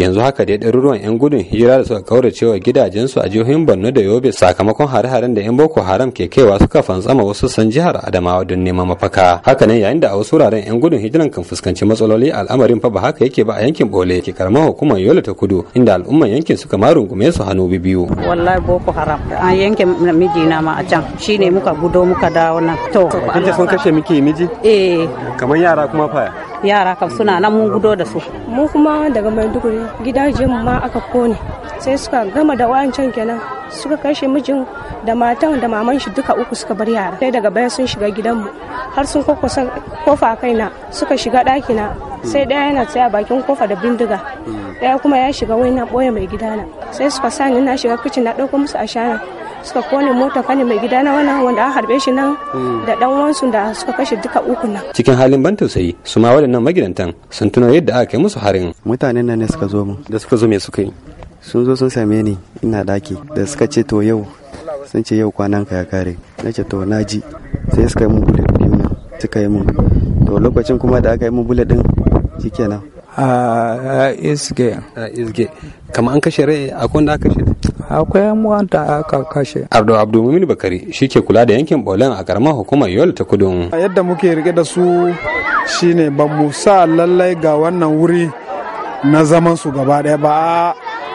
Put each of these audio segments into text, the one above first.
yanzu haka dai ɗaruruwan 'yan gudun hijira da suka kaurace wa gidajensu a jihohin borno da yobe sakamakon hare-haren da 'yan boko haram ke kaiwa suka fantsama wasu san jihar adamawa don neman mafaka hakanan yayin da a wasu wuraren 'yan gudun hijiran kan fuskanci matsaloli al'amarin fa ba haka yake ba a yankin bole ke karamar hukumar yola ta kudu inda al'umman yankin suka ma rungume su hannu biyu wallahi boko haram an yanke na ma a can shine muka gudo muka dawo nan to sun kashe miki miji eh kamar yara kuma fa yara kam suna nan mun gudo da su mu kuma daga maiduguri gidajen ma aka kone sai suka gama da wancan kenan suka kashe mijin da matan da maman shi duka uku suka bar yara sai daga baya sun shiga gidanmu har sun kokosa kofa kaina suka shiga ɗakina sai ɗaya yana tsaya bakin kofa da bindiga hmm. ɗaya kuma ya shiga wani na ɓoye mai gidana sai suka sani na shiga kicin na ɗauko musu ashana suka kone mota kane mai gida na wannan wanda an harbe shi nan hmm. da dan wansu da suka kashe duka uku nan cikin halin ban tausayi su ma waɗannan magidantan sun tuno yadda aka kai musu harin mutanen nan ne suka zo mu da suka zo me suka yi sun zo sun same ni ina daki da suka ce to yau sun ce yau kwanan ka ya kare na ce to na ji sai suka yi mun bullet biyu nan suka yi mun to lokacin kuma da aka yi mun bullet din shikenan a ah, ah, isge a ah, isge kamar an kashe rai akwai wanda aka kashe akwai yan muwanta aka kashe abdu abdulmumin bakari shi ke kula da yankin bolen a karamar hukumar yola ta kudu yadda muke rike da su shine ba mu sa lallai ga wannan wuri na zaman su gaba ɗaya ba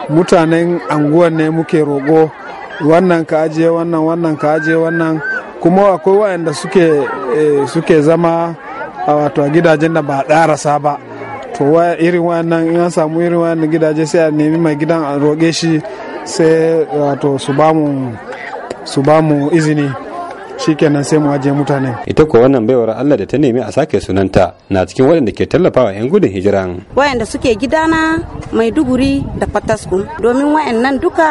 mutanen anguwan ne muke roƙo wannan ka ajiye wannan wannan ka ajiye wannan kuma akwai waɗanda suke eh, suke zama a wato gidajen da ba ɗarasa ba to irin wannan in an samu irin wannan gidaje sai a nemi mai gidan a roƙe shi sai wato su bamu su bamu izini shikenan sai mu ajiye mutane. ita ko wannan baiwar Allah da ta nemi a sake sunanta na cikin waɗanda ke tallafawa yan gudun hijiran wayanda suke gidana duguri da Fataskum domin wayannan duka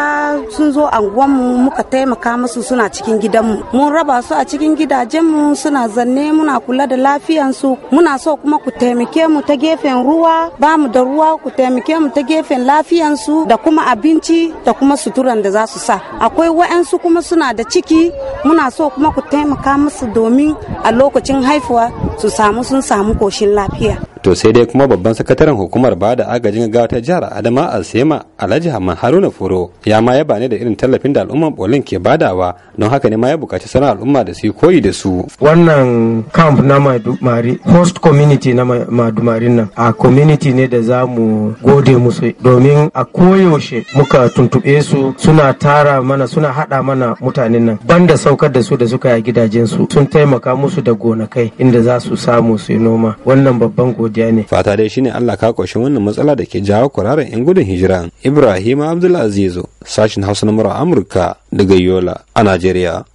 sun zo mu muka taimaka musu suna cikin gidanmu mun raba su a cikin gidajenmu suna zanne muna kula da lafiyan lafiyansu muna so kuma ku taimake mu ta gefen ruwa ba mu da ruwa ku taimake mu ta gefen lafiyansu da kuma abinci da kuma suturan da za su sa akwai wa'ansu kuma suna da ciki muna so kuma ku taimaka musu domin a lokacin haifuwa su samu sun samu koshin lafiya to sai dai kuma babban sakataren hukumar ba da agajin gaggawa ta jihar adama alsema alhaji hamman haruna furo ya ma yaba ne da irin tallafin da al'umman bolin ke badawa don haka ne ma ya bukaci sauran al'umma da su koyi da su wannan camp na madumari host community na madumarin nan a community ne da za mu gode musu domin a koyaushe muka tuntuɓe su suna tara mana suna haɗa mana mutanen nan banda saukar da su da suka yi su sun taimaka musu da gonakai inda za su samu su yi noma wannan babban gode. godiya ne fata dai shine Allah ka koshi wannan matsala da ke jawo kwararan yan gudun hijira Ibrahim Abdulaziz sashin Hausa na Amurka daga Yola a Najeriya